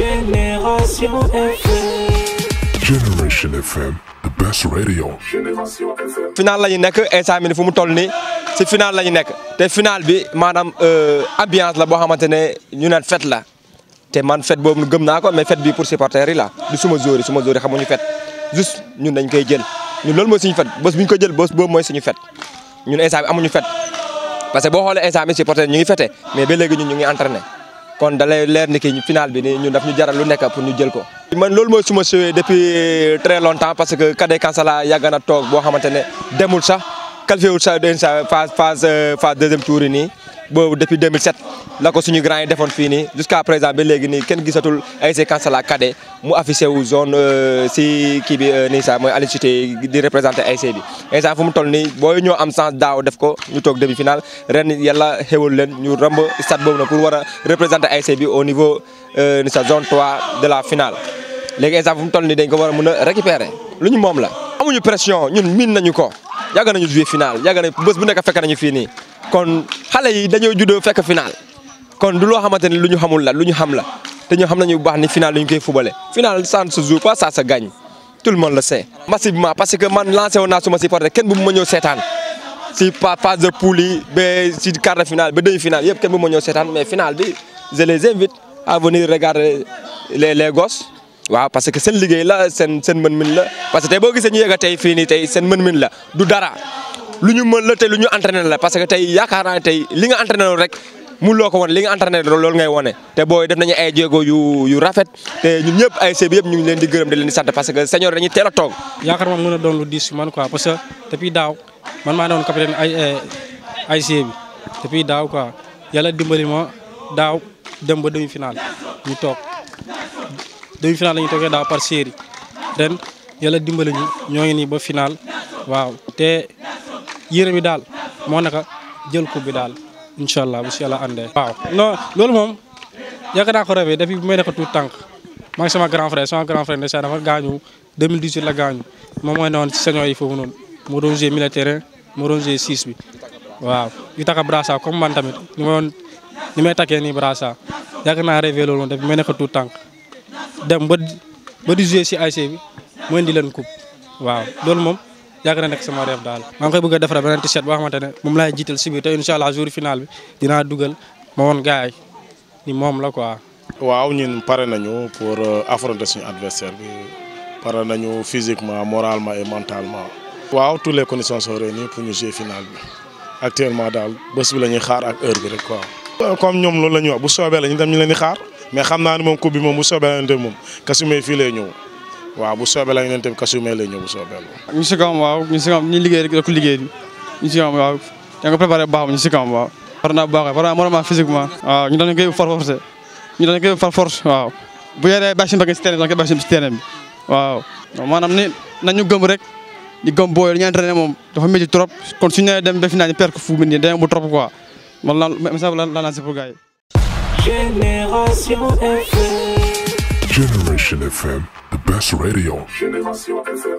Génération FM. Génération FM, the la ñu nekk instant bi fu mu toll nii si final la ñu nekk te final bi maanaam euh, ambiance la boo xamante ne ñu naan fête la te man fête boobu gëm naa ko mais fête bi pour supporters la du suma joueur yi suma joueur yi xamuñu fête juste ñun dañ koy jël ñu loolu mooy suñu fête bés bu ñu ko jël bos boobu mooy suñu fête ñun instant bi amuñu fête parce que boo xoolee instant bi supporters ñu ngi fête mais ba léegi ñu ñu ngi entraîné. kon da lay leer ni ki final bi nii ñun daf ñu jaral lu nekk pour ñu jël ko. man loolu mooy suma suwee depuis très longtemps parce que Kade Kansala yàgg na toog boo xamante ne demul sax qualifié wul sax phase phase euh, phase deuxième tour yi nii. boobu depuis 2007 la ko suñu grand yi defoon fii nii jusqu'à présent ba léegi nii kenn gisatul ASC Kansala cadet mu affiché wu zone euh, si kii bi euh, nii sax mooy Aline Sitoé di représenté ASC bi instant fu mu toll nii booy ñoo am chance daaw def ko ñu toog demi final ren yàlla xéwal leen ñu ramb stade boobu nag pour war a représenté ASC bi au niveau euh, ni sa zone 3 de la final léegi instant fu mu toll nii dañ ko war a mën a récupérer lu ñu moom la amuñu pression ñun miin nañu ko yàgg nañu jouer final yàgg nañu bés bu nekk fekk nañu fii nii kon xale yi dañoo juddoo fekk final kon du loo xamante ne lu ñu xamul la lu ñu xam la te ñu xam nañu bu baax ni final lu ñu koy fubale final ça ne se joue pas ça se gagne tout le monde le sait. massivement parce que man lancé woon naa suma supporter kenn bu ma ñëw seetaan si phase de poule yi ba si quart de finale ba demi finale yëpp kenn bu ma ñëw seetaan mais final bi je les invite à venir regarder les les gosses. waaw parce que seen liggéey la seen seen mën-mën la parce que boo gisee ñu yëg a tey fii nii tey seen mën-mën la du dara. lu ñu mën la te lu ñu entraîné la parce que tey yaakaar naa ne tey li nga entraîné loolu rek mun loo ko li nga entraîné loolu ngay wane te booy def nañu ay jéego yu rafet te ñun ñëpp ASC bi yëpp ñu ngi leen di gërëm di leen di sant parce que senior dañuy teel a toog. yaakaar naa mën a doon lu diis man quoi parce que depuis daaw man maa doon capitaine ay eh, ASC bi depuis daaw quoi yàlla dimbali ma daaw dem ba demi-finale ñu toog demi-finale la ñu toogee daaw par série ren yàlla dimbali ñu ñoo ngi nii ba final waaw yére bi daal moo naka jël coupe bi daal incha allah bu si yàlla àndee. waaw non loolu moom yàgg naa ko rêvé depuis bu may nekk tout tànk maa ngi sama grand frère sama grand la gaañu moom mooy newoon ci sañoo yi foofu noonu moo doon jouer militaire moo doon jouer 6 bi waaw man tamit ñu ma may takkee nii brassard yàgg naa rêvé loolu noonu depuis may nekk tout tànk dem ba ba di jouer si ASC bi mu indi leen coupe waaw loolu moom. yàgg na nekk sama rêve daal maa ngi koy bëgg a defaral beneen t-shirt boo xamante ne moom laay jiital si biir te incha allah jour final bi dinaa dugal ma woon gaay ni moom la quoi. waaw ñun pare nañu pour euh, affronter suñu adversaire bi pare nañu physiquement moralement et mentalement. waaw toutes les conditions sont réunies pour ñu jouer final bi actuellement daal bés bi la ñuy xaar ak heure bi rek quoi. Euh, comme ñoom loolu la ñuy wax bu soobee la ñu xaar mais xam naa ne moom coupe bi moom bu la fii ñëw. waaw bu soobee la kasih tamit lay ñëw bu soobee la. ñu si kawam waaw ñu si kawam ñu liggéey rek ku liggéey ñu si kawam waaw yaa ngi préparé baax ñu waaw. force waaw bu yoree bàyyi si mbagg terrain bi doon koy bàyyi terrain bi waaw ni nañu gëm di gëm ñu dafa trop kon suñu dem ba final ñu fu bu trop quoi man la message la FM. Best Radio. Génération FM.